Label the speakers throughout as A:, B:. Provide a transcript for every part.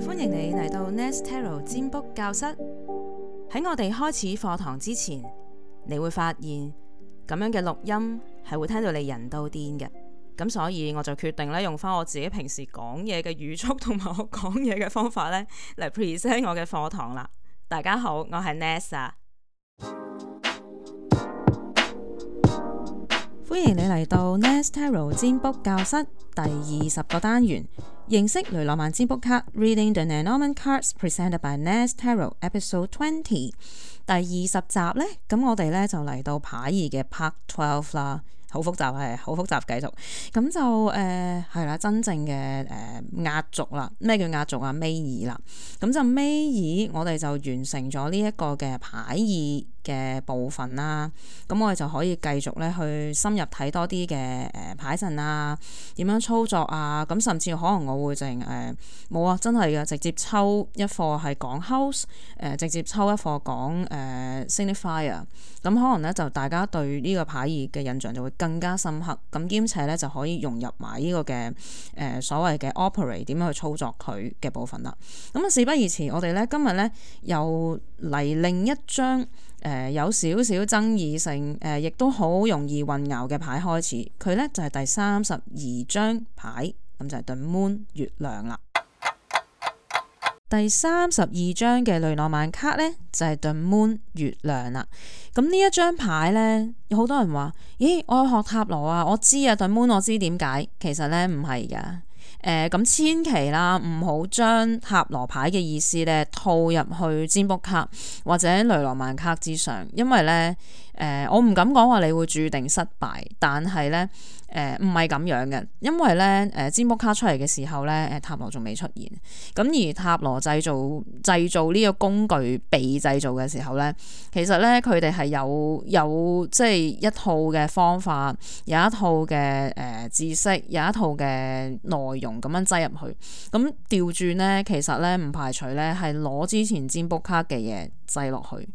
A: 歡迎你嚟到 Nest Tarot 占卜教室，喺我哋開始課堂之前，你會發現咁樣嘅錄音係會聽到你人都癲嘅。咁所以我就決定咧用翻我自己平時講嘢嘅語速同埋我講嘢嘅方法咧嚟 present 我嘅課堂啦。大家好，我係 Nesta。歡迎你嚟到 Nest Tarot 占卜教室第二十個單元。認識雷諾曼占卜卡，Reading the Norman Cards，presented by Naz Taro，episode twenty，第二十集呢，咁我哋呢就嚟到牌二嘅 part twelve 啦，好複雜係，好複雜，繼續，咁就誒係啦，真正嘅誒壓軸啦，咩叫壓軸啊？尾二啦，咁就尾二，我哋就完成咗呢一個嘅牌二。嘅部分啦，咁我哋就可以繼續咧去深入睇多啲嘅誒牌陣啊，點樣操作啊？咁甚至可能我會淨誒冇啊，真係嘅直接抽一課係講 house 誒、呃，直接抽一課講 signifier 咁，呃、ifier，可能咧就大家對呢個牌意嘅印象就會更加深刻。咁兼且咧就可以融入埋呢個嘅誒、呃、所謂嘅 operate 點樣去操作佢嘅部分啦。咁、嗯、啊，事不宜遲，我哋咧今日咧又嚟另一張。誒、呃，有少少爭議性，誒、呃，亦都好容易混淆嘅牌開始，佢呢就係、是、第三十二張牌，咁就係 The Moon 月亮啦。第三十二張嘅雷諾曼卡呢，就係、是、The Moon 月亮啦。咁呢一張牌呢，有好多人話：咦、欸，我學塔羅啊，我知啊，The Moon 我知點解？其實呢，唔係噶。咁、呃、千祈啦，唔好將塔羅牌嘅意思咧套入去占卜卡或者雷諾曼卡之上，因為咧。誒、呃，我唔敢講話你會注定失敗，但係咧，誒、呃，唔係咁樣嘅，因為咧，誒、呃，占卜卡出嚟嘅時候咧，誒、呃，塔羅仲未出現，咁而塔羅製造製造呢個工具被製造嘅時候咧，其實咧，佢哋係有有即係、就是、一套嘅方法，有一套嘅誒、呃、知識，有一套嘅內容咁樣擠入去，咁調轉咧，其實咧唔排除咧係攞之前占卜卡嘅嘢擠落去。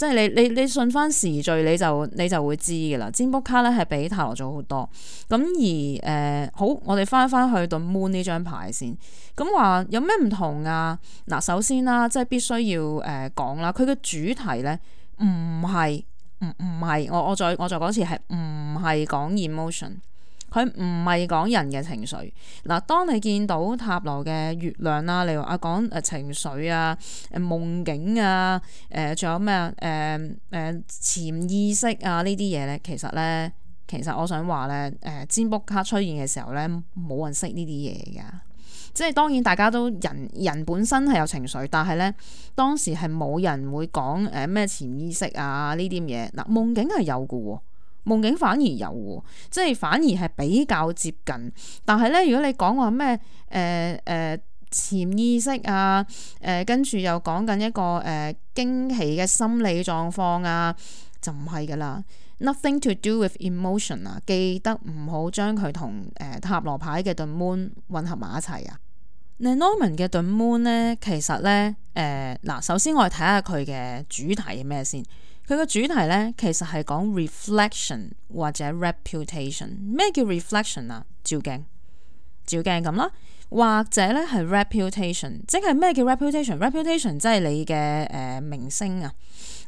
A: 即係你你你順翻時序你就你就會知㗎啦。占卜卡咧係比塔羅咗好多。咁而誒、呃、好，我哋翻一翻去到、The、Moon 呢張牌先。咁話有咩唔同啊？嗱，首先啦，即係必須要誒講啦。佢嘅主題咧唔係唔唔係我我再我再次係唔係講 emotion。佢唔係講人嘅情緒。嗱，當你見到塔羅嘅月亮啦，你話啊講誒情緒啊、誒夢境啊、誒、呃、仲有咩啊、誒、呃、誒、呃、潛意識啊呢啲嘢咧，其實咧，其實我想話咧，誒、呃、占卜卡出現嘅時候咧，冇人識呢啲嘢㗎，即係當然大家都人人本身係有情緒，但係咧當時係冇人會講誒咩潛意識啊呢啲嘢。嗱，夢境係有㗎喎。夢境反而有，即係反而係比較接近。但係咧，如果你講話咩誒誒潛意識啊，誒跟住又講緊一個誒、呃、驚喜嘅心理狀況啊，就唔係㗎啦。Nothing to do with emotion 啊，記得唔好將佢同誒塔羅牌嘅盾 moon 混合埋一齊啊。The Norman 嘅盾 moon 咧，其實咧誒嗱，首先我哋睇下佢嘅主題係咩先。佢個主題咧，其實係講 reflection 或者 reputation。咩叫 reflection 啊？照鏡，照鏡咁啦。或者咧係 reputation，即係咩叫 reputation？reputation Rep 即係你嘅誒、呃、名聲啊，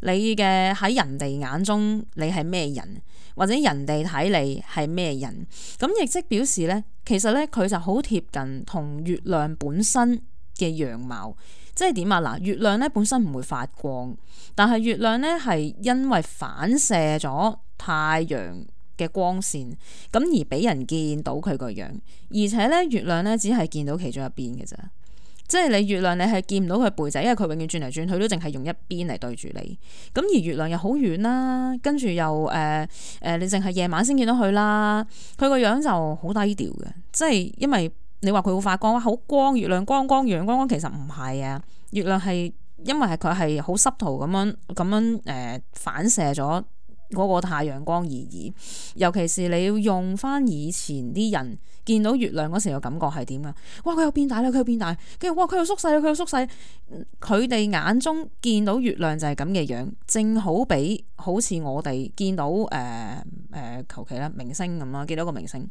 A: 你嘅喺人哋眼中你係咩人，或者人哋睇你係咩人。咁亦即表示咧，其實咧佢就好貼近同月亮本身嘅樣貌。即係點啊？嗱，月亮咧本身唔會發光，但係月亮咧係因為反射咗太陽嘅光線，咁而俾人見到佢個樣。而且咧，月亮咧只係見到其中一邊嘅啫。即係你月亮，你係見唔到佢背脊，因為佢永遠轉嚟轉去都淨係用一邊嚟對住你。咁而月亮又好遠啦，跟住又誒誒、呃呃，你淨係夜晚先見到佢啦。佢個樣就好低調嘅，即係因為。你話佢會發光哇？好光，月亮光光，月亮光光，其實唔係啊。月亮係因為係佢係好濕塗咁樣咁樣誒、呃、反射咗嗰個太陽光而已。尤其是你要用翻以前啲人見到月亮嗰時嘅感覺係點啊？哇！佢又變大啦，佢又變大，跟住哇！佢又縮細啦，佢又縮細。佢哋、呃、眼中見到月亮就係咁嘅樣，正好比好似我哋見到誒誒求其啦明星咁啦，見到一個明星。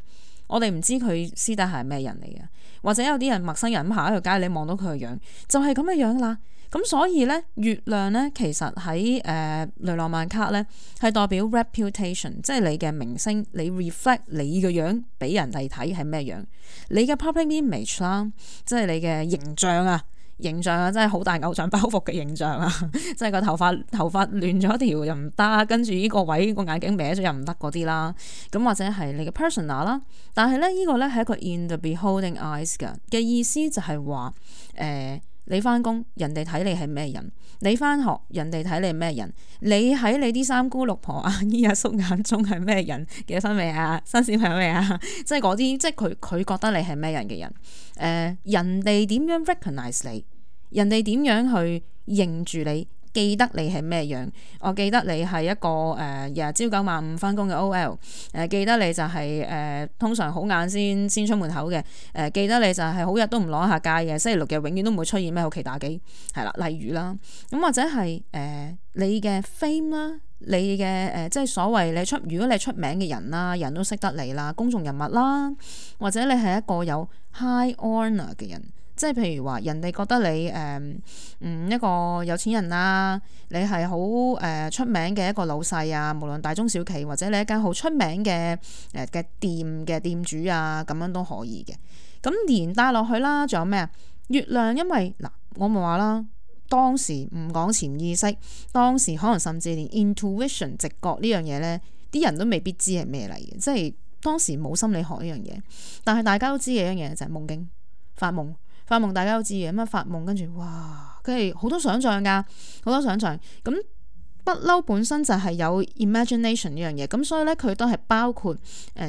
A: 我哋唔知佢私底下係咩人嚟嘅，或者有啲人陌生人咁行喺條街，你望到佢個樣就係咁嘅樣啦。咁所以咧，月亮咧，其實喺誒、呃、雷諾曼卡咧，係代表 reputation，即係你嘅名聲，你 reflect 你個樣俾人哋睇係咩樣，你嘅 public image 啦，即係你嘅形象啊。形象啊，真係好大偶像包袱嘅形象啊。即係個頭髮頭髮亂咗條又唔得，跟住呢個位個眼鏡歪咗又唔得嗰啲啦，咁或者係你嘅 personality 啦。但係咧，呢個咧係一個 in the beholding eyes 嘅嘅意思就係話誒。呃你翻工，人哋睇你係咩人？你翻學，人哋睇你係咩人？你喺你啲三姑六婆阿姨阿叔眼中係咩人，人？嘅身份啊，身份係咪啊？即係嗰啲，即係佢佢覺得你係咩人嘅人？誒、呃，人哋點樣 recognize 你？人哋點樣去認住你？記得你係咩樣？我記得你係一個誒日、呃、朝九晚五返工嘅 OL、呃。誒記得你就係、是、誒、呃、通常好晏先先出門口嘅。誒、呃、記得你就係好日都唔攞下街嘅。星期六嘅永遠都唔會出現咩好奇打機係啦。例如啦，咁或者係誒你嘅 fame 啦，你嘅誒、呃、即係所謂你出如果你出名嘅人啦，人都識得你啦，公眾人物啦，或者你係一個有 high honor 嘅人。即係譬如話，人哋覺得你誒嗯一個有錢人啦、啊，你係好誒出名嘅一個老細啊。無論大中小企或者你一間好出名嘅誒嘅店嘅店主啊，咁樣都可以嘅。咁連帶落去啦，仲有咩啊？月亮，因為嗱，我咪話啦，當時唔講潛意識，當時可能甚至連 intuition 直覺呢樣嘢咧，啲人都未必知係咩嚟嘅，即係當時冇心理學呢樣嘢。但係大家都知嘅一樣嘢就係、是、夢境發夢。發夢，大家都知嘅咁啊。發夢跟住，哇，跟住好多想像噶，好多想像咁不嬲，本身就係有 imagination 呢樣嘢，咁所以咧，佢都係包括誒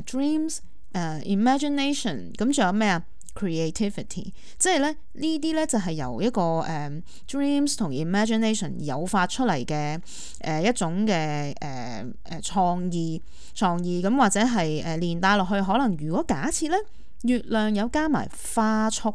A: dreams 誒、uh, imagination。咁仲有咩啊？Creativity，即係咧呢啲咧就係由一個誒、uh, dreams 同 imagination 誘發出嚟嘅誒一種嘅誒誒創意創意咁，或者係誒連帶落去。可能如果假設咧，月亮有加埋花束。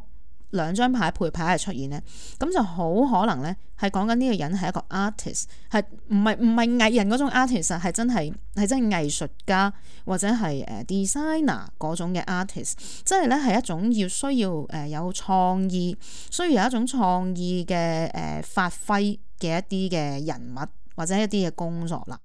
A: 兩張牌配牌係出現呢，咁就好可能呢，係講緊呢個人係一個 artist，係唔係唔係藝人嗰種 artist，係真係係真係藝術家或者係誒 designer 嗰種嘅 artist，即係呢，係一種要需要誒有創意，需要有一種創意嘅誒發揮嘅一啲嘅人物或者一啲嘅工作啦。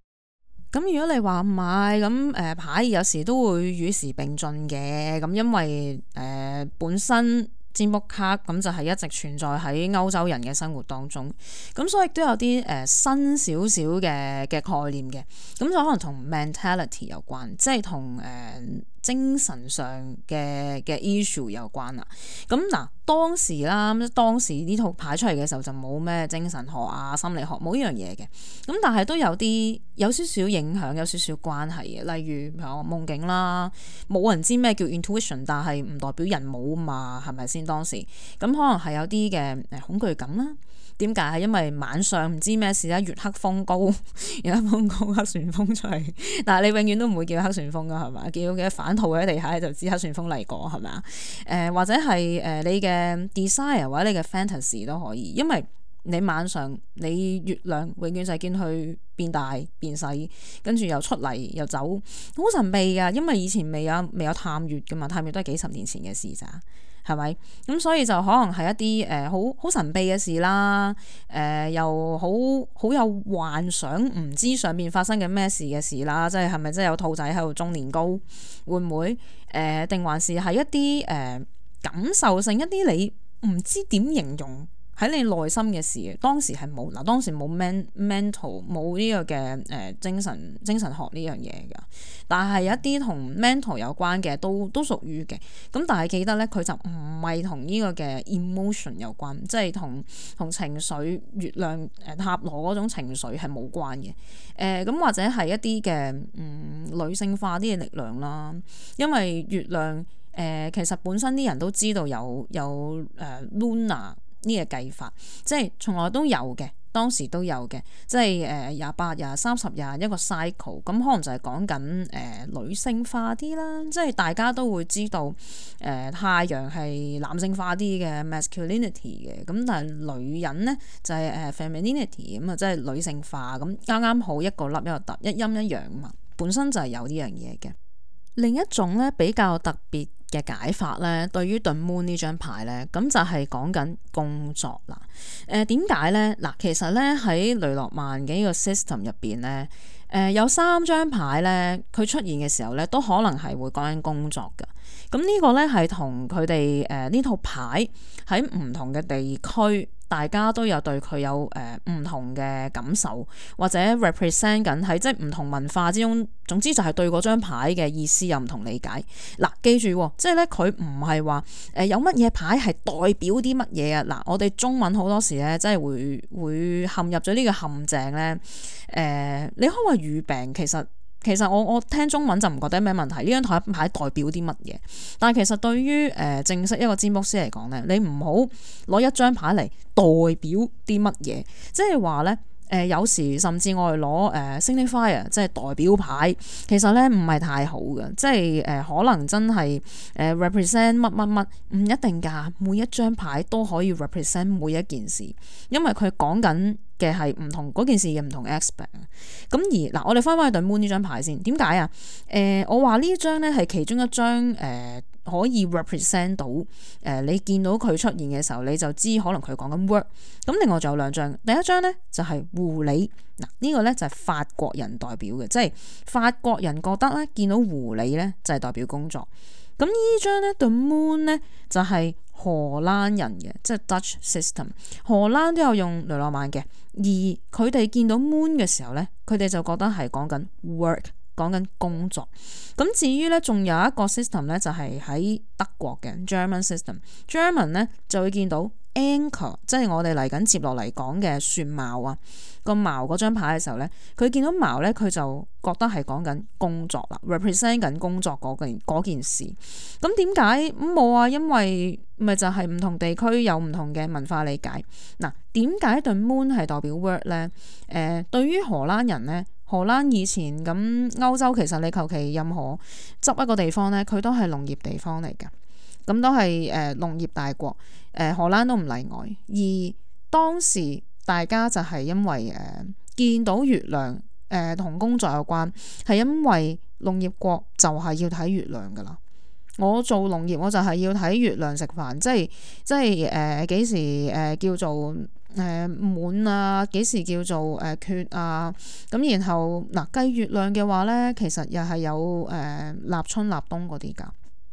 A: 咁如果你話唔係咁誒牌，有時都會與時並進嘅咁，因為誒、呃、本身。占卜卡，咁就係一直存在喺歐洲人嘅生活當中，咁所以都有啲誒、呃、新少少嘅嘅概念嘅，咁就可能同 mentality 有關，即係同誒。呃精神上嘅嘅 issue 有關啦，咁嗱當時啦，當時呢套牌出嚟嘅時候就冇咩精神學啊、心理學冇呢樣嘢嘅，咁但係都有啲有少少影響，有少少關係嘅，例如譬如夢境啦，冇人知咩叫 intuition，但係唔代表人冇嘛，係咪先當時？咁可能係有啲嘅誒恐懼感啦。點解？係因為晚上唔知咩事啦、啊，月黑風高，月黑風高黑旋風出嚟。但係你永遠都唔會叫黑旋風㗎，係咪？叫嘅反吐喺地下咧，就知黑旋風嚟過係咪啊？誒、呃、或者係誒、呃、你嘅 desire 或者你嘅 fantasy 都可以，因為你晚上你月亮永遠就係見佢變大變細，跟住又出嚟又走，好神秘㗎。因為以前未有未有探月㗎嘛，探月都係幾十年前嘅事咋。係咪？咁所以就可能係一啲誒好好神秘嘅事啦，誒、呃、又好好有幻想，唔知上面發生緊咩事嘅事啦，即係係咪真係有兔仔喺度舂年糕？會唔會誒？定、呃、還是係一啲誒、呃、感受性一啲你唔知點形容？喺你內心嘅事，當時係冇嗱，當時冇 ment mental 冇呢個嘅誒精神精神學呢樣嘢㗎。但係有一啲同 mental 有關嘅都都屬於嘅。咁但係記得咧，佢就唔係同呢個嘅 emotion 有關，即係同同情緒月亮誒塔羅嗰種情緒係冇關嘅誒。咁、呃、或者係一啲嘅嗯女性化啲嘅力量啦，因為月亮誒、呃、其實本身啲人都知道有有誒、呃、Luna。呢個計法，即係從來都有嘅，當時都有嘅，即係誒廿八日、呃、三十日一個 cycle，咁可能就係講緊誒女性化啲啦，即係大家都會知道誒、呃、太陽係男性化啲嘅 masculinity 嘅，咁但係女人呢，就係、是、誒 femininity，咁啊即係女性化，咁啱啱好一個凹，一個凸，一陰一陽嘛，本身就係有呢樣嘢嘅。另一種咧比較特別嘅解法咧，對於 The Moon 呢張牌咧，咁就係講緊工作啦。誒點解咧？嗱，其實咧喺雷諾曼嘅呢個 system 入邊咧，誒、呃、有三張牌咧，佢出現嘅時候咧，都可能係會關工作嘅。咁呢個咧係同佢哋誒呢套牌喺唔同嘅地區，大家都有對佢有誒唔同嘅感受，或者 represent 緊喺即係唔同文化之中，總之就係對嗰張牌嘅意思有唔同理解。嗱、啊，記住，哦、即係咧佢唔係話誒有乜嘢牌係代表啲乜嘢啊？嗱，我哋中文好多時咧，真係會會陷入咗呢個陷阱咧。誒、呃，你可以話語病其實。其實我我聽中文就唔覺得咩問題，呢張台牌代表啲乜嘢？但係其實對於誒、呃、正式一個占卜師嚟講咧，你唔好攞一張牌嚟代表啲乜嘢，即係話咧誒有時甚至我哋攞誒、呃、signifier 即係代表牌，其實咧唔係太好嘅，即係誒、呃、可能真係誒、呃、represent 乜乜乜唔一定㗎，每一張牌都可以 represent 每一件事，因為佢講緊。嘅係唔同嗰件事嘅唔同 aspect，咁而嗱，我哋翻翻去 The Moon 呢張牌先，點解啊？誒、呃，我話呢張咧係其中一張誒、呃，可以 represent 到誒、呃，你見到佢出現嘅時候，你就知可能佢講緊 work。咁另外仲有兩張，第一張咧就係、是、狐狸。嗱、這個，呢個咧就係、是、法國人代表嘅，即係法國人覺得咧見到狐狸咧就係代表工作。咁依張咧，the moon 咧就係荷蘭人嘅，即係 Dutch system。荷蘭都有用雷諾曼嘅，而佢哋見到 moon 嘅時候咧，佢哋就覺得係講緊 work，講緊工作。咁至於咧，仲有一個 system 咧，就係喺德國嘅 German system。German 咧就會見到。Anchor 即係我哋嚟緊接落嚟講嘅雪錨啊，個錨嗰張牌嘅時候咧，佢見到錨咧，佢就覺得係講緊工作啦，represent 緊工作嗰件件事。咁點解咁冇啊？嗯、因為咪就係、是、唔同地區有唔同嘅文化理解。嗱，點解對 Moon 係代表 work 咧？誒、呃，對於荷蘭人咧，荷蘭以前咁歐洲，其實你求其任何執一個地方咧，佢都係農業地方嚟嘅。咁都係誒農業大國，誒荷蘭都唔例外。而當時大家就係因為誒見到月亮，誒同工作有關，係因為農業國就係要睇月亮噶啦。我做農業，我就係要睇月亮食飯，即係即係誒幾時誒叫做誒滿啊，幾、呃、時叫做誒、呃呃呃呃、缺啊。咁然後嗱，計、啊、月亮嘅話咧，其實又係有誒、呃、立春、立冬嗰啲噶。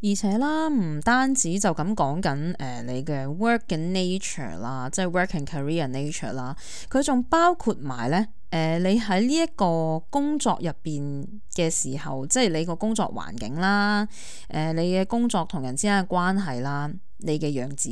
A: 而且啦，唔單止就咁講緊誒，你嘅 work 嘅 nature 啦，即係 work and career nature 啦，佢仲包括埋咧誒，你喺呢一個工作入邊嘅時候，即係你個工作環境啦，誒，你嘅工作同人之間嘅關係啦，你嘅樣子，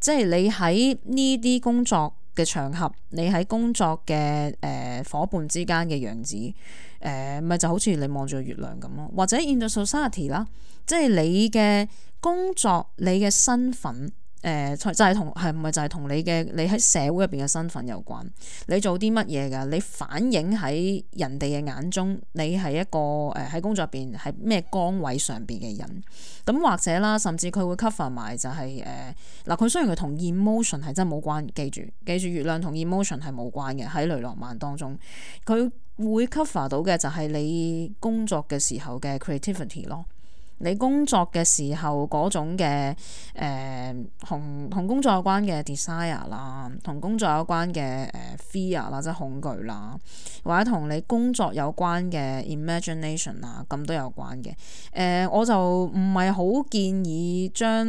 A: 即係你喺呢啲工作嘅場合，你喺工作嘅誒夥伴之間嘅樣子，誒、呃、咪就好似你望住月亮咁咯，或者 in society 啦，即係你嘅工作，你嘅身份。誒、呃、就係同係唔係就係同你嘅你喺社會入邊嘅身份有關，你做啲乜嘢㗎？你反映喺人哋嘅眼中，你係一個誒喺、呃、工作入邊係咩崗位上邊嘅人？咁、嗯、或者啦，甚至佢會 cover 埋就係誒嗱，佢、呃、雖然佢同 emotion 係真係冇關，記住記住月亮同 emotion 係冇關嘅，喺雷諾曼當中，佢會 cover 到嘅就係你工作嘅時候嘅 creativity 咯。你工作嘅時候嗰種嘅誒，同、呃、同工作有關嘅 desire 啦，同工作有關嘅 fear 啦，即係恐懼啦，或者同你工作有關嘅 imagination 啦，咁都有關嘅。誒、呃，我就唔係好建議將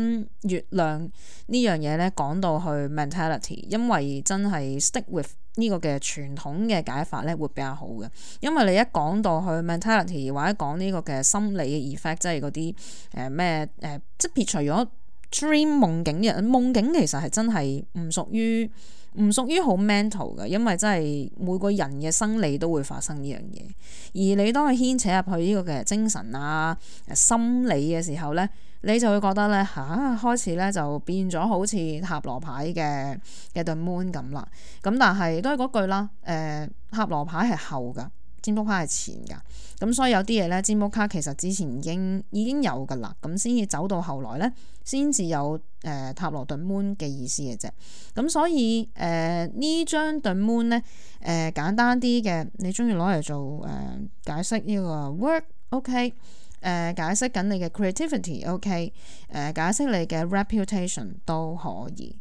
A: 月亮呢樣嘢咧講到去 mentality，因為真係 stick with。呢個嘅傳統嘅解法咧會比較好嘅，因為你一講到去 mentality 或者講呢個嘅心理嘅 effect，即係嗰啲誒咩誒，即撇除咗 dream 夢境嘅人，夢境，境其實係真係唔屬於。唔屬於好 mental 嘅，因為真係每個人嘅生理都會發生呢樣嘢。而你當係牽扯入去呢個嘅精神啊、心理嘅時候呢，你就會覺得呢，吓、啊，開始呢就變咗好似塔羅牌嘅嘅對 moon 咁啦。咁但係都係嗰句啦，誒、呃、塔羅牌係後噶。尖占卡係前噶，咁所以有啲嘢咧，尖占卡其實之前已經已經有噶啦，咁先至走到後來咧，先至有誒、呃、塔羅 The Moon 嘅意思嘅啫。咁所以誒、呃、呢張 The Moon 咧，誒、呃、簡單啲嘅，你中意攞嚟做誒、呃、解釋呢個 work，ok，、okay？誒、呃、解釋緊你嘅 creativity，ok，、okay？誒、呃、解釋你嘅 reputation 都可以。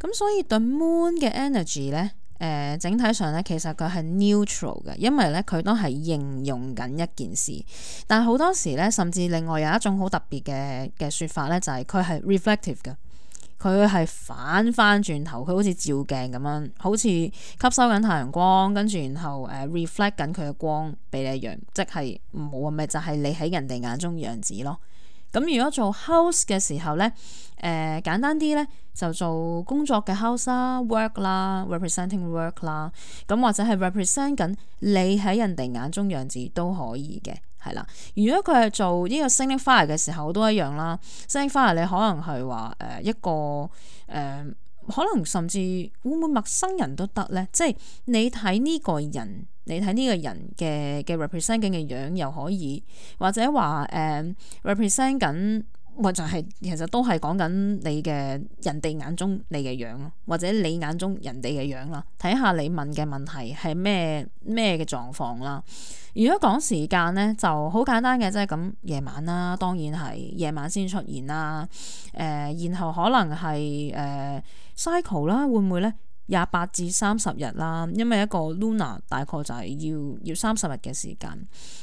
A: 咁所以 The Moon 嘅 energy 咧。誒、呃、整體上咧，其實佢係 neutral 嘅，因為咧佢都係應用緊一件事。但係好多時咧，甚至另外有一種好特別嘅嘅説法咧，就係、是、佢係 reflective 嘅，佢係反翻轉頭，佢好似照鏡咁樣，好似吸收緊太陽光，跟住然後誒 reflect 緊佢嘅光俾你樣，即係冇啊咪就係、是、你喺人哋眼中嘅樣子咯。咁如果做 house 嘅時候咧。誒簡單啲咧，就做工作嘅 house 啦、work 啦、representing work 啦，咁或者係 represent 緊你喺人哋眼中樣子都可以嘅，係啦。如果佢係做呢個 signifier 嘅時候都一樣啦，signifier 你可能係話誒一個誒，可能甚至會唔會陌生人都得咧，即係你睇呢個人，你睇呢個人嘅嘅 representing 嘅樣又可以，或者話誒 represent 緊。呃 rep 或就係其實都係講緊你嘅人哋眼中你嘅樣或者你眼中人哋嘅樣啦。睇下你問嘅問題係咩咩嘅狀況啦。如果講時間呢，就好簡單嘅啫。咁夜晚啦，當然係夜晚先出現啦。誒、呃，然後可能係誒、呃、cycle 啦，會唔會呢？廿八至三十日啦，因為一個 Luna 大概就係要要三十日嘅時間，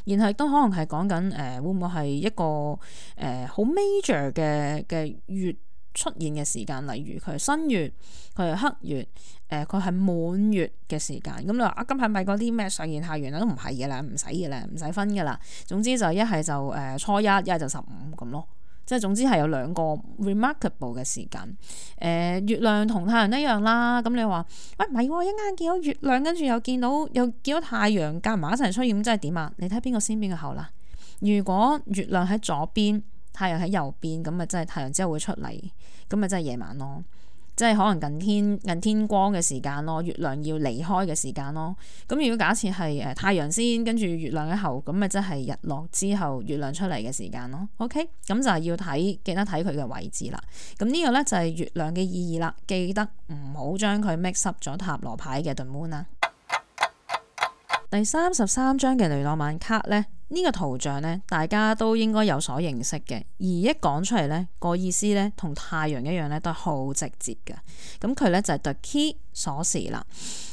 A: 然後都可能係講緊誒會唔會係一個誒好、呃、major 嘅嘅月出現嘅時間，例如佢係新月、佢係黑月、誒佢係滿月嘅時間，咁你話啊，咁係咪嗰啲咩上弦下圓啊都唔係嘅啦，唔使嘅啦，唔使分嘅啦，總之就一係就誒、呃、初一，一係就十五咁咯。即係總之係有兩個 remarkable 嘅時間，誒、呃、月亮同太陽一樣啦。咁你話，喂，唔係一間見到月亮，跟住又見到又見到太陽夾埋一齊出現，咁即係點啊？你睇邊個先，邊個後啦？如果月亮喺左邊，太陽喺右邊，咁咪真係太陽之後會出嚟，咁咪真係夜晚咯。即係可能近天近天光嘅時間咯，月亮要離開嘅時間咯。咁如果假設係誒太陽先，跟住月亮嘅後，咁咪即係日落之後月亮出嚟嘅時間咯。OK，咁就係要睇，記得睇佢嘅位置啦。咁呢個咧就係月亮嘅意義啦。記得唔好將佢 mix up 咗塔羅牌嘅 The Moon 啦。第三十三章嘅雷諾曼卡咧，呢、呢個圖像咧，大家都應該有所認識嘅。而一講出嚟咧，個意思咧，同太陽一樣咧，都係好直接嘅。咁佢咧就係對 key 鎖匙啦。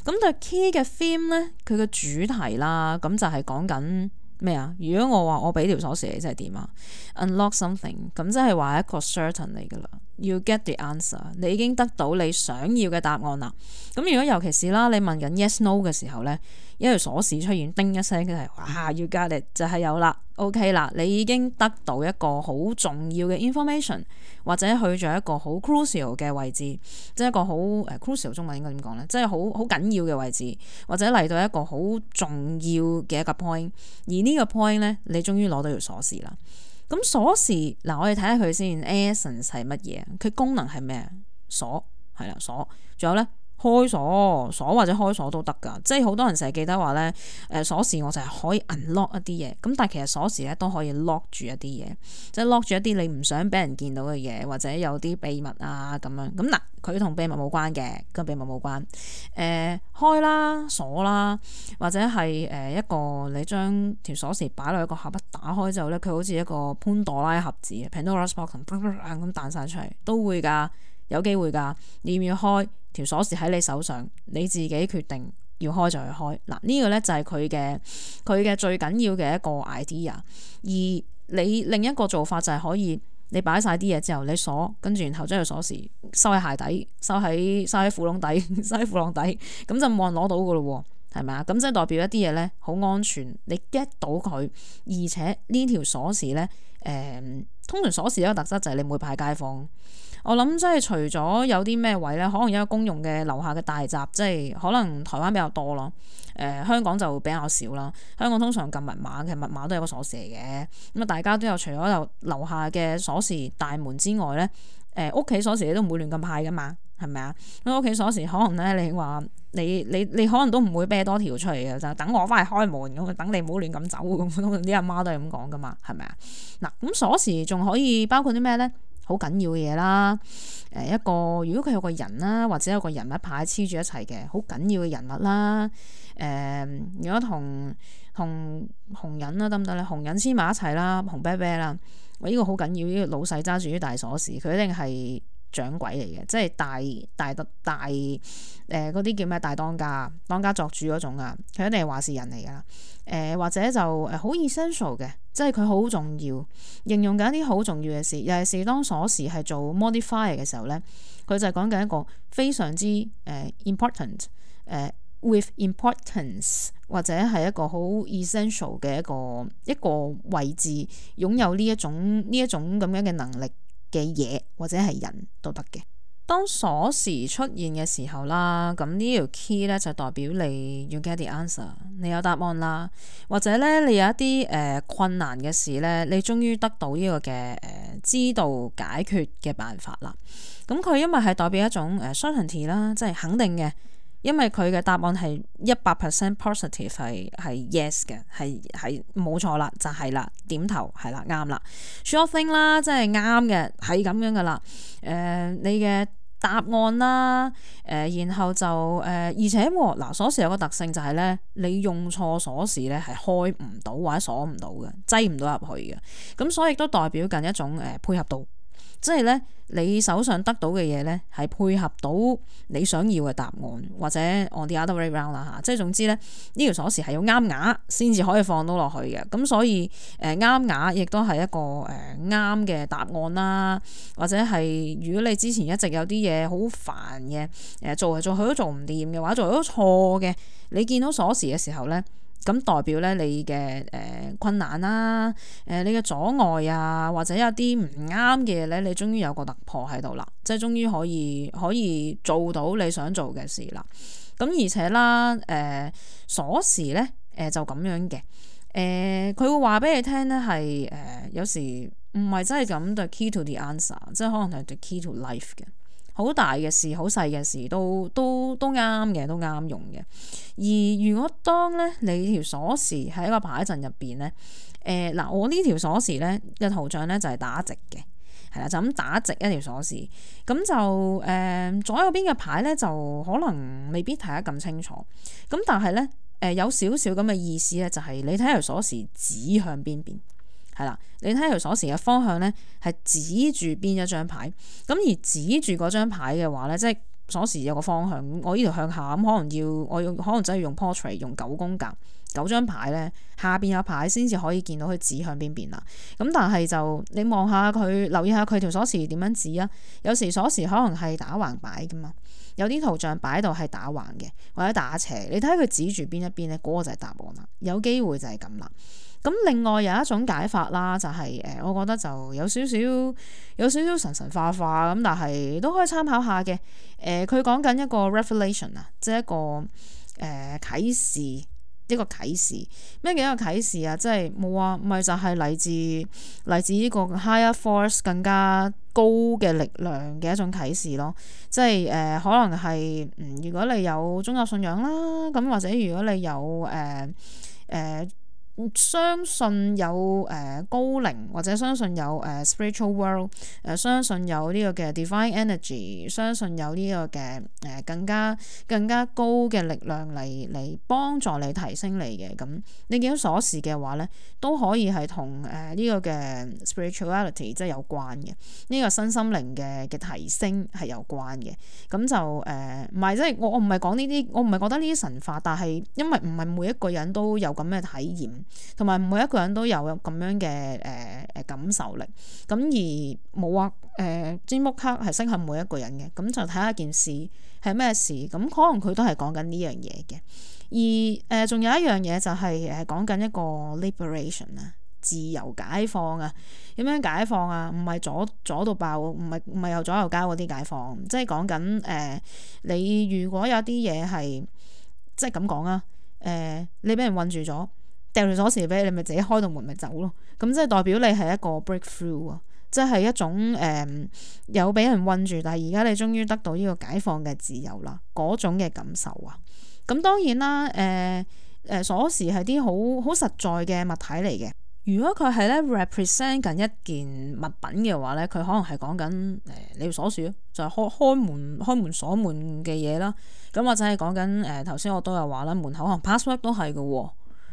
A: 咁對 key 嘅 theme 咧，佢嘅主題啦，咁就係講緊。咩啊？如果我話我俾條鎖匙，你即係點啊？unlock something 咁即係話一個 certain 嚟噶啦，you get the answer，你已經得到你想要嘅答案啦。咁如果尤其是啦，你問緊 yes no 嘅時候咧，一條鎖匙出現叮一聲、就是，佢係哇 you got it, 就，就係有啦。O.K. 啦，你已經得到一個好重要嘅 information，或者去咗一個好 crucial 嘅位置，即係一個好誒、呃、crucial 中文應該點講呢？即係好好緊要嘅位置，或者嚟到一個好重要嘅一個 point。而呢個 point 呢，你終於攞到條鎖匙啦。咁、嗯、鎖匙嗱，我哋睇下佢先，essence 係乜嘢？佢功能係咩？鎖係啦，鎖。仲有呢？開鎖鎖或者開鎖都得㗎，即係好多人成日記得話咧，誒鎖匙我就係可以 unlock 一啲嘢，咁但係其實鎖匙咧都可以 lock 住一啲嘢，即係 lock 住一啲你唔想俾人見到嘅嘢，或者有啲秘密啊咁樣。咁嗱，佢同秘密冇關嘅，跟秘密冇關。誒開啦鎖啦，或者係誒一個你將條鎖匙擺落一個盒，一打開之後咧，佢好似一個潘多拉盒子啊，Pandora box 咁彈晒出嚟，都會㗎。有機會㗎，你要唔要開？條鎖匙喺你手上，你自己決定要開就去開。嗱，呢個呢就係佢嘅佢嘅最緊要嘅一個 idea。而你另一個做法就係可以你擺晒啲嘢之後，你鎖跟住然後將條鎖匙收喺鞋底、收喺收喺褲窿底、呵呵收喺褲窿底，咁就冇人攞到㗎咯喎，係咪啊？咁即係代表一啲嘢呢，好安全，你 get 到佢，而且呢條鎖匙呢，誒、呃，通常鎖匙一個特質就係你唔會派街坊。我諗即係除咗有啲咩位咧，可能有個公用嘅樓下嘅大閘，即係可能台灣比較多咯。誒、呃，香港就比較少啦。香港通常撳密碼嘅，密碼都有個鎖匙嚟嘅。咁啊，大家都有除咗有樓下嘅鎖匙大門之外咧，誒、呃，屋企鎖匙你都唔會亂咁派噶嘛，係咪啊？咁屋企鎖匙可能咧，你話你你你，你可能都唔會啤多條出嚟嘅，就等我翻嚟開門咁，等你唔好亂咁走咁。啲阿媽都係咁講噶嘛，係咪啊？嗱，咁鎖匙仲可以包括啲咩咧？好緊要嘅嘢啦，誒、呃、一個如果佢有個人啦，或者有個人物牌黐住一齊嘅，好緊要嘅人物啦，誒、呃、如果同同紅人啦，得唔得咧？紅人黐埋一齊啦，紅啤啤啦，我、呃、呢個好緊要，呢個老細揸住啲大鎖匙，佢一定係掌櫃嚟嘅，即係大大大誒嗰啲叫咩？大當家、當家作主嗰種啊，佢一定係話事人嚟噶，誒、呃、或者就誒好 essential 嘅。即係佢好重要，形容緊一啲好重要嘅事，尤其是當鎖匙係做 modifier 嘅時候咧，佢就係講緊一個非常之誒、uh, important 誒、uh, with importance 或者係一個好 essential 嘅一個一個位置，擁有呢一種呢一種咁樣嘅能力嘅嘢或者係人都得嘅。當鎖匙出現嘅時候啦，咁呢條 key 咧就代表你要 get the answer，你有答案啦，或者咧你有一啲誒、呃、困難嘅事咧，你終於得到呢、呢個嘅誒、呃、知道解決嘅辦法啦。咁佢因為係代表一種誒 certainty 啦，即係肯定嘅，因為佢嘅答案係一百 percent positive 係係 yes 嘅，係係冇錯啦，就係、係、啦，點頭係啦，啱啦，sure thing 啦，即係啱嘅，係咁樣噶啦，誒你嘅。答案啦，誒、呃，然後就誒、呃，而且嗱鎖、呃、匙有個特性就係咧，你用錯鎖匙咧，係開唔到或者鎖唔到嘅，擠唔到入去嘅，咁所以亦都代表緊一種誒、呃、配合度。即係咧，你手上得到嘅嘢咧，係配合到你想要嘅答案，或者 on the other way round 啦吓。即係總之咧，呢條鎖匙係要啱牙先至可以放到落去嘅。咁所以誒啱、呃、牙亦都係一個誒啱嘅答案啦。或者係如果你之前一直有啲嘢好煩嘅，誒做嚟做去都做唔掂嘅話，做咗錯嘅，你見到鎖匙嘅時候咧。咁代表咧，你嘅誒困難啦，誒你嘅阻礙啊，或者有啲唔啱嘅嘢咧，你終於有個突破喺度啦，即係終於可以可以做到你想做嘅事啦。咁而且啦，誒、呃、鎖匙咧，誒、呃、就咁樣嘅，誒、呃、佢會話俾你聽咧係誒有時唔係真係咁，對 key to the answer，即係可能係對 key to life 嘅。好大嘅事，好細嘅事，都都都啱嘅，都啱用嘅。而如果當咧，你條鎖匙喺個牌陣入邊咧，誒、呃、嗱，我呢條鎖匙咧嘅圖像咧就係打直嘅，係啦，就咁打直一條鎖匙，咁就誒、呃、左右邊嘅牌咧就可能未必睇得咁清楚，咁但係咧誒有少少咁嘅意思咧就係你睇條鎖匙指向邊邊？係啦，你睇條鎖匙嘅方向咧，係指住邊一張牌。咁而指住嗰張牌嘅話咧，即係鎖匙有個方向。我呢度向下，咁可能要我用，可能真係要用 portrait，用九宮格九張牌咧，下邊有牌先至可以見到佢指向邊邊啦。咁但係就你望下佢，留意下佢條鎖匙點樣指啊。有時鎖匙可能係打橫擺噶嘛，有啲圖像擺度係打橫嘅，或者打斜。你睇佢指住邊一邊咧，嗰個就係答案啦。有機會就係咁啦。咁另外有一種解法啦，就係誒，我覺得就有少少有少少神神化化咁，但係都可以參考下嘅。誒、呃，佢講緊一個 revelation 啊，即係一個誒、呃、啟示，一個啟示。咩叫一個啟示啊？即係冇話，咪就係嚟自嚟自呢個 higher force 更加高嘅力量嘅一種啟示咯。即係誒、呃，可能係嗯、呃，如果你有宗教信仰啦，咁或者如果你有誒誒、呃呃相信有誒高靈，或者相信有誒 spiritual world，誒相信有呢個嘅 divine energy，相信有呢個嘅誒更加更加高嘅力量嚟嚟幫助你提升你嘅咁。你見到鎖匙嘅話咧，都可以係同誒呢個嘅 spirituality 即係有關嘅呢個身心靈嘅嘅提升係有關嘅。咁就誒唔係即係我我唔係講呢啲，我唔係覺得呢啲神法，但係因為唔係每一個人都有咁嘅體驗。同埋每一個人都有咁樣嘅誒誒感受力。咁而冇啊？誒、呃，詹馬克係適合每一個人嘅。咁、嗯、就睇下件事係咩事。咁、嗯、可能佢都係講緊呢樣嘢嘅。而誒，仲、呃、有一樣嘢就係係講緊一個 liberation 啊，自由解放啊，點樣解放啊？唔係左左到爆，唔係唔係右左右交嗰啲解放，即係講緊誒，你如果有啲嘢係即係咁講啊？誒、就是呃，你俾人困住咗。掉條鎖匙俾你，咪自己開到門咪走咯。咁即係代表你係一個 breakthrough 啊，即係一種誒、嗯、有俾人困住，但係而家你終於得到呢個解放嘅自由啦。嗰種嘅感受啊。咁當然啦，誒、呃、誒鎖匙係啲好好實在嘅物體嚟嘅。如果佢係咧 represent 緊一件物品嘅話咧，佢可能係講緊誒你鎖匙，就係、是、開開門、開門鎖門嘅嘢啦。咁或者係講緊誒頭先我都有話啦，門口 password 都係嘅喎。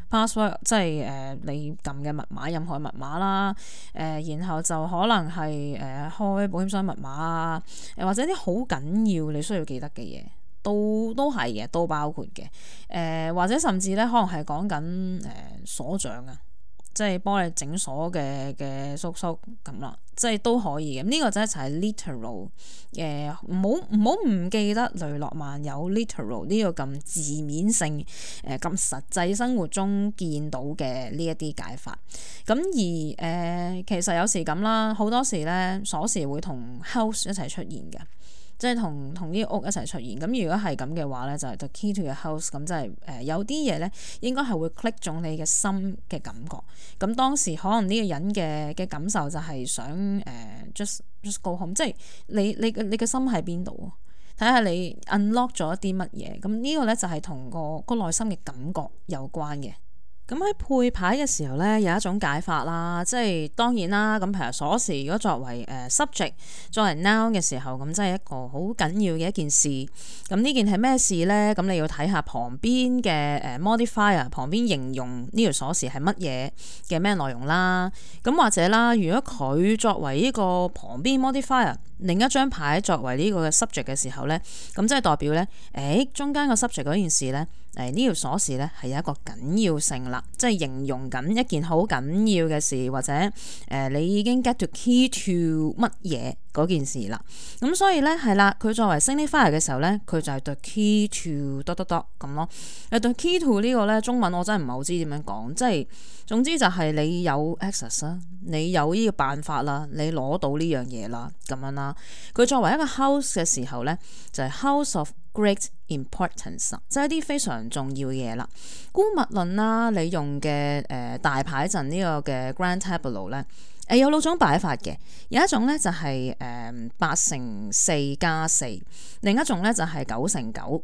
A: Password 即係誒、呃、你撳嘅密碼，任何密碼啦，誒、呃、然後就可能係誒、呃、開保險箱密碼啊，誒、呃、或者啲好緊要你需要記得嘅嘢，都都係嘅，都包括嘅，誒、呃、或者甚至咧可能係講緊誒鎖鑰啊。即係幫你整鎖嘅嘅叔叔咁咯，即係都可以嘅。呢、這個就一齊 literal 誒、呃，唔好唔好唔記得雷諾曼有 literal 呢個咁字面性誒咁、呃、實際生活中見到嘅呢一啲解法。咁而誒、呃，其實有時咁啦，好多時咧鎖匙會同 house 一齊出現嘅。即係同同呢個屋一齊出現，咁如果係咁嘅話咧，就係、是、The Key to Your House，咁即係誒有啲嘢咧，應該係會 click 中你嘅心嘅感覺。咁當時可能呢個人嘅嘅感受就係想誒、呃、just just go home，即係你你你嘅心喺邊度？睇下你 unlock 咗一啲乜嘢。咁呢個咧就係同個個內心嘅感覺有關嘅。咁喺配牌嘅時候咧，有一種解法啦，即係當然啦。咁譬如鎖匙如果作為誒 subject、作為 noun 嘅時候，咁即係一個好緊要嘅一件事。咁呢件係咩事咧？咁你要睇下旁邊嘅誒 modifier，旁邊形容呢條鎖匙係乜嘢嘅咩內容啦。咁或者啦，如果佢作為呢個旁邊 modifier，另一張牌作為呢個 subject 嘅時候咧，咁即係代表咧，誒、欸、中間個 subject 嗰件事咧，誒、啊、呢條鎖匙咧係有一個緊要性啦。即係形容緊一件好緊要嘅事，或者誒、呃，你已經 get to key to 乜嘢？嗰件事、嗯、啦，咁所以咧係啦，佢作為 signifier 嘅時候咧，佢就係 the key to 多多多咁咯。誒 the key to 呢個咧，中文我真係唔係好知點樣講，即係總之就係你有 access 啦，你有呢個辦法啦，你攞到呢樣嘢啦，咁樣啦。佢作為一個 house 嘅時候咧，就係、是、house of great importance，即係啲非常重要嘅嘢啦。《孤物論》啦，你用嘅誒、呃、大牌陣呢個嘅 grand tableau 咧。誒，有六種擺法嘅，有一種咧就係、是、誒、呃、八乘四加四，另一種咧就係九乘九。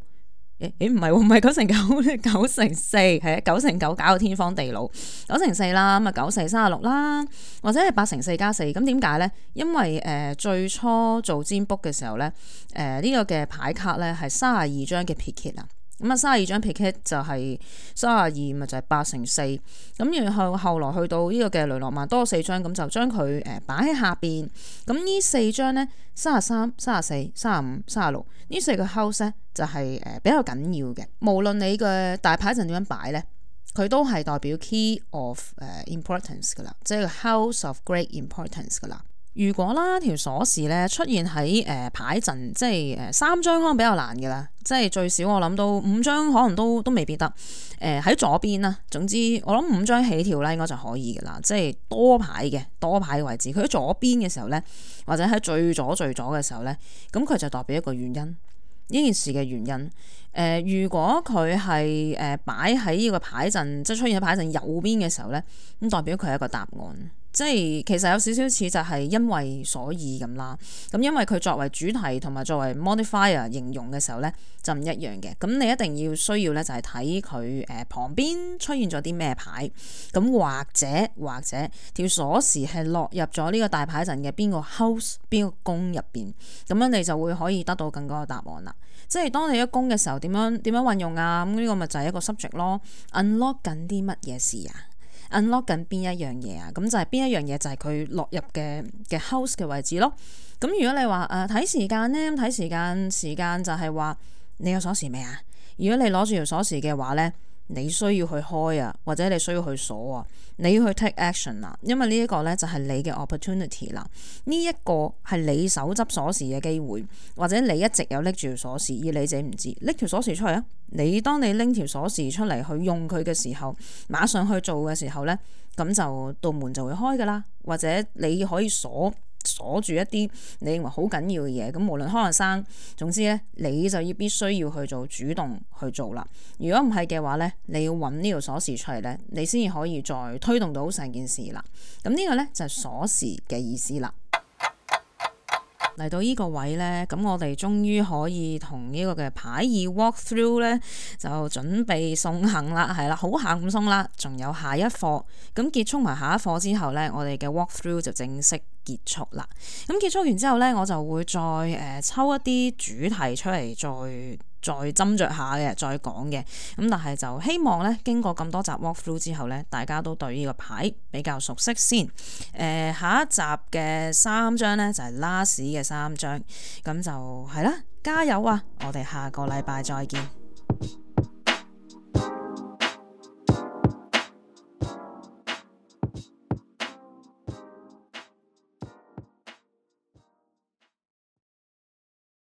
A: 誒誒唔係喎，唔、欸、係、啊、九乘九咧，九乘四係啊，九乘九搞到天荒地老，九乘四啦，咁啊九四三十六啦，或者係八乘四加四。咁點解咧？因為誒、呃、最初做占卜嘅時候咧，誒、呃、呢、這個嘅牌卡咧係三十二張嘅撇揭啊。咁啊，卅二張 piquet 就係卅二，咪就係八乘四。咁然後後來去到呢個嘅雷諾曼多四張，咁就將佢誒擺喺下邊。咁呢四張咧，三十三、三十四、三十五、三十六呢四個 house 咧，就係誒比較緊要嘅。無論你嘅大牌一陣點樣擺咧，佢都係代表 key of 誒 importance 噶啦，即係 house of great importance 噶啦。如果啦，條鎖匙咧出現喺誒、呃、牌陣，即係誒三張可能比較難嘅啦，即係最少我諗到五張可能都都未必得。誒、呃、喺左邊啦，總之我諗五張起跳啦，應該就可以噶啦，即係多牌嘅多牌嘅位置。佢喺左邊嘅時候咧，或者喺最左最左嘅時候咧，咁佢就代表一個原因，呢件事嘅原因。誒、呃，如果佢係誒擺喺呢個牌陣，即係出現喺牌陣右邊嘅時候咧，咁代表佢係一個答案。即係其實有少少似就係因為所以咁啦。咁因為佢作為主題同埋作為 modifier 形容嘅時候咧，就唔一樣嘅。咁你一定要需要咧，就係睇佢誒旁邊出現咗啲咩牌。咁或者或者條鎖匙係落入咗呢個大牌陣嘅邊個 house 邊個宮入邊，咁樣你就會可以得到更多嘅答案啦。即係當你一宮嘅時候，點樣點樣運用啊？咁呢個咪就係一個 subject 咯。unlock 緊啲乜嘢事啊？unlock 緊邊一樣嘢啊？咁就係邊一樣嘢就係、是、佢落入嘅嘅 house 嘅位置咯。咁如果你話誒睇時間咧，咁睇時間，時間就係話你有鎖匙未啊？如果你攞住條鎖匙嘅話咧。你需要去開啊，或者你需要去鎖啊，你要去 take action 啦、啊，因為呢一個咧就係你嘅 opportunity 啦、啊，呢一個係你手執鎖匙嘅機會，或者你一直有拎住鎖匙而你自己唔知，拎條鎖匙出嚟啊，你當你拎條鎖匙出嚟去用佢嘅時候，馬上去做嘅時候咧，咁就道門就會開噶啦，或者你可以鎖。鎖住一啲你認為好緊要嘅嘢，咁無論可能生，總之咧，你就要必須要去做，主動去做啦。如果唔係嘅話咧，你要揾呢個鎖匙出嚟，咧，你先至可以再推動到成件事啦。咁呢個咧就係鎖匙嘅意思啦。嚟到呢個位咧，咁我哋終於可以同呢個嘅牌二 walk through 咧，就準備送行啦，係啦，好行咁鬆啦，仲有下一課，咁結束埋下一課之後咧，我哋嘅 walk through 就正式。結束啦，咁結束完之後呢，我就會再誒、呃、抽一啲主題出嚟，再再斟酌下嘅，再講嘅。咁但係就希望呢，經過咁多集 walk through 之後呢，大家都對呢個牌比較熟悉先。誒、呃，下一集嘅三張呢，就係、是、last 嘅三張，咁就係啦，加油啊！我哋下個禮拜再見。